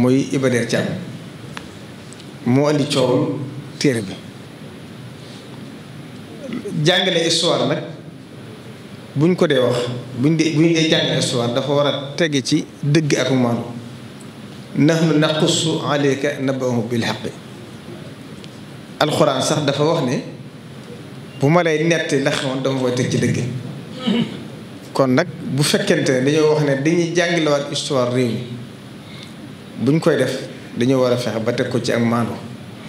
muy Ibader Thiam moo andi coowul téere bi jàngale histoire nag buñ ko dee wax buñ dee buñ dee jàngale histoire dafa war a tege ci dëgg ak maanu nahnu naqussu alayka nabahum bil xaqi alxuraan sax dafa wax ne bu ma lay netti la xamoon dama koy teg ci dëgg kon nag bu fekkente ne dañoo wax ne dañuy jàngalewaat histoire réew buñ koy def dañoo war a fexe ba teg ko ci ak maandu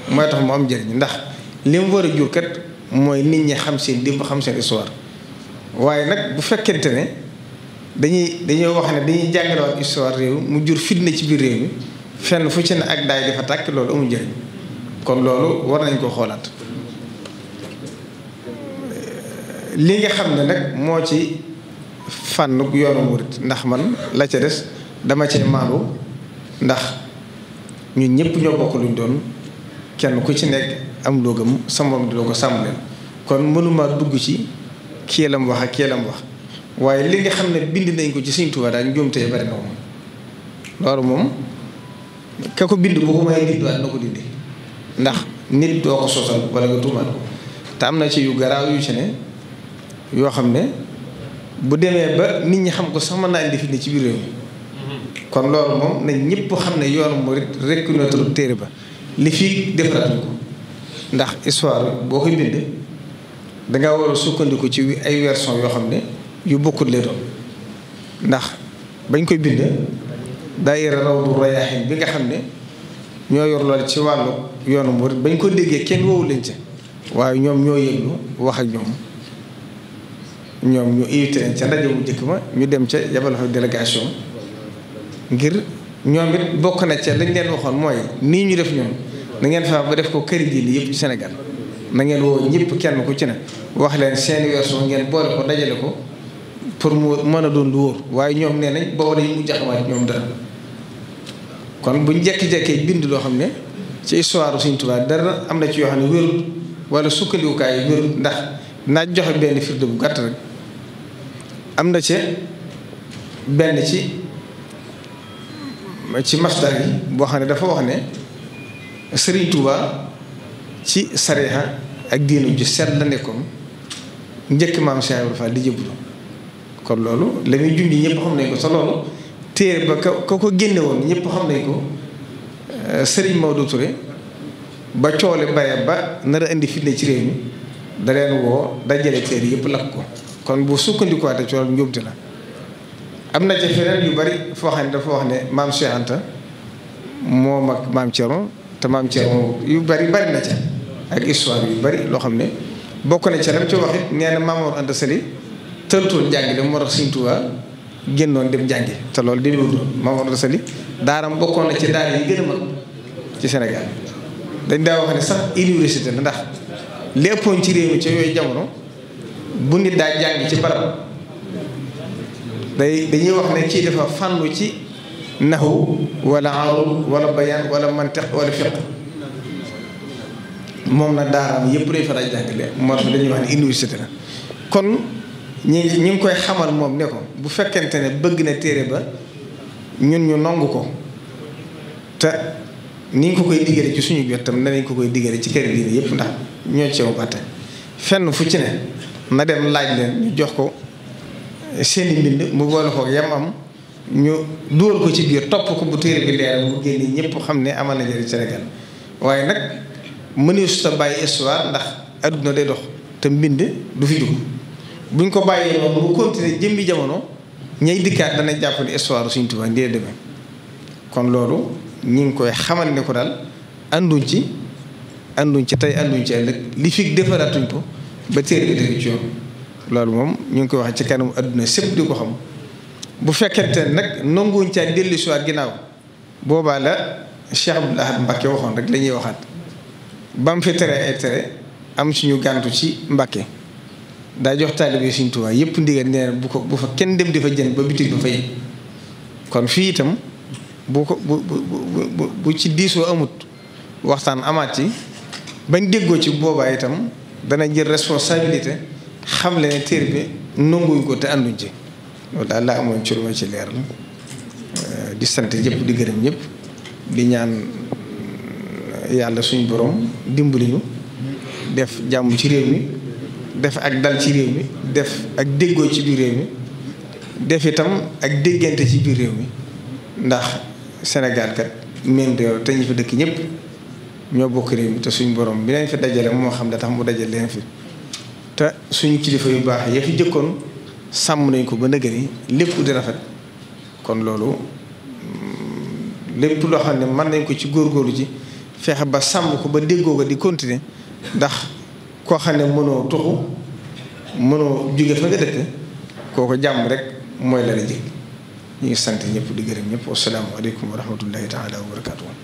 mooy tax mu am njëriñ ndax li mu war a jur kat mooy nit ñi xam seen démb xam seen histoire waaye nag bu fekkente ne dañuy dañoo wax ne dañuy jàngalewaat histoire réew mu jur fitna ci biir réew mi fenn fu ci ne ak daay dafa tàkk loolu amul njëriñ kon loolu war nañ ko xoolaat li nga xam ne nag moo ci fànn yoonu murit ndax man la ca des dama cee maandu. ndax ñun ñépp ñoo bokk luñ doon kenn ku ci nekk am loo gëm moom di loo ko sàmm leen kon mënuma dugg ci kéelam wax ak kéelam wax waaye li xam ne bind nañ ko ci Sëriñ Tuubaa daal njuumte bari na moom loolu moom ka ko bind bu ko may dindiwaat na ko dindi ndax nit doo ko sosal wala nga tuumaat te am na ci yu garaaw yu ci ne yoo xam ne bu demee ba nit ñi xam ko sama mën naa fi ne ci biir réew kon loolu moom na ñëpp xam ne yoonu murit reconnaître téere ba li fii defaraat ko ndax histoire boo koy bind danga war a sukkandiku ci ay version yoo xam ne yu bokkut lay doon ndax bañ koy bind daayira Rawdu bi nga xam ne ñoo yor loolu ci wàllu yoonu murit bañ ko déggee kenn woowu leen ca waaye ñoom ñoo yëglu wax ak ñoom ñoom ñu invité leen ca ndaje mu njëkk ma ñu dem ca yabal fa délégation ngir ñoom it bokk na ca lañ leen waxoon mooy nii ñu def ñoom na ngeen fa ba def ko kër gi li yëpp ci Sénégal na ngeen woo ñëpp kenn ku ci ne wax leen seen weesu ngeen boole ko dajale ko pour mu mën a doon lu wóor waaye ñoom nee nañ booba dañu mujj xamaat ñoom dara kon buñ jekki-jekkee bind loo xam ne ci histoire Sëriñ Tuubaa dara am na ci yoo xam ne wérul wala sukkandikukaay wérul ndax naaj joxe benn firnde bu gàtt rek am na ci benn ci ci masdar yi boo xam ne dafa wax ne Serigne Touba ci sareexa ak diinu ju set la nekkoon njëkk maam Cheikh Ibrahima Fall di jëblu kon loolu la muy junj ñëpp xam nañ ko sa loolu téere ba ka ko génne woon ñëpp xam nañ ko euh, Serigne Maodo Touré ba coole bare ba nar a indi fitne ci réew mi da leen woo dajale téere yëpp lakk ko kon bu sukkandikuwaatee coole njuumte la. am na ca feneen yu bari foo xam ne dafa wax ne maam Cheikh Anta moom ak maam Thierno te maam Thierno yu bari bari na ca ak histoire yu bari loo xam ne bokk na ca lam ci wax it nee na maam Mor Anta Sali tëltoon njàng de moo tax Sëriñ Tuubaa génnoon dem jàngi te loolu di loolu maam Mor Anta Sali daaram bokkoon na ci daara yi gën a mag ci Sénégal dañ daa wax ne sax université la ndax léppoon ci réew mi ca yooyu jamono bu nit daa jàngi ci barab day dañuy wax ne kii dafa fànnu ci naxu wala arud wala bayaan wala mantiq wala fiq moom na daaraam yëpp day faral jàngale moo tax dañuy wax ne université kon ñi ñu ngi koy xamal moom ne ko bu fekkente ne bëgg na téere ba ñun ñu nongu ko te ni ñu ko koy diggale ci suñu biir tam danañ ko koy diggale ci kër diine yëpp ndax ñoo ceew batte fenn fu ci ne na dem laaj leen ñu jox ko seeni mbind mu boole koog yam am ñu duwal ko ci biir topp ko bu téere bi leer bu génnee ñëpp xam ne amal na njëriñ Sénégal waaye nag mëneesu ta bàyyi histoire ndax adduna de dox te mbind du fi dugg buñ ko bàyyee moom mu continuer jëmbi jamono ñay dikkaat dana jàpp ne histoire suñu Tuubaa ndee demee kon loolu ñu ngi koy xamal ne ko daal anduñ ci anduñ ci tey anduñ ci ëllëg li fi defaraatuñ ko ba téere bi dëgg ci yoon loolu moom ñu ngi koy waxee ci kanam adduna sépp di ko xam bu fekkente ne nag nanguwuñ caa dellu si ginnaaw boobaa la Cheikh Abdoul Ahad Mbacké waxoon rek la waxaat ba fi tere ay tere am suñu gàntu ci Mbacké daa jox taalibe Sëriñ Tuubaa yëpp ndigal nee bu ko bu fa kenn dem di fa jën ba bitig ba fay kon fii itam bu ko bu bu bu ci diisoo amut waxtaan amaat ci bañ déggoo ci boobaa itam dana jël responsabilité. xam le ne téere bi nanguñ ko te ànduñ ci loolu daal laa amoon ci lu ci leer la euh, di sant ñëpp di gërëm ñëpp di ñaan euh, yàlla suñu borom dimbali ñu def jàmm ci réew mi def ak dal ci réew mi def ak déggoo ci biir réew mi def itam ak déggante ci biir réew mi ndax Sénégal kat même réew te ñu fi dëkk ñëpp ñoo bokk réew mi te suñu borom bi leen fi dajale moo xam ne tax mu dajale leen fi. te suñu kilifa yu baax ya fi jëkkoon sàmm nañ ko ba nëgëni lépp di rafet kon loolu mm, lépp loo xam ne mën nañ ko ci góorgóorlu ji fexe ba sàmm ko ba déggoo ko di continuer ndax koo xam ne mënoo tuxu mënoo jóge fa nga dëkk kooko jàmm rek mooy la la jëkk ñu ngi sant ñëpp di gërëm ñëpp wasalaamu aleykum wa rahmatullahi taala wa barakatuh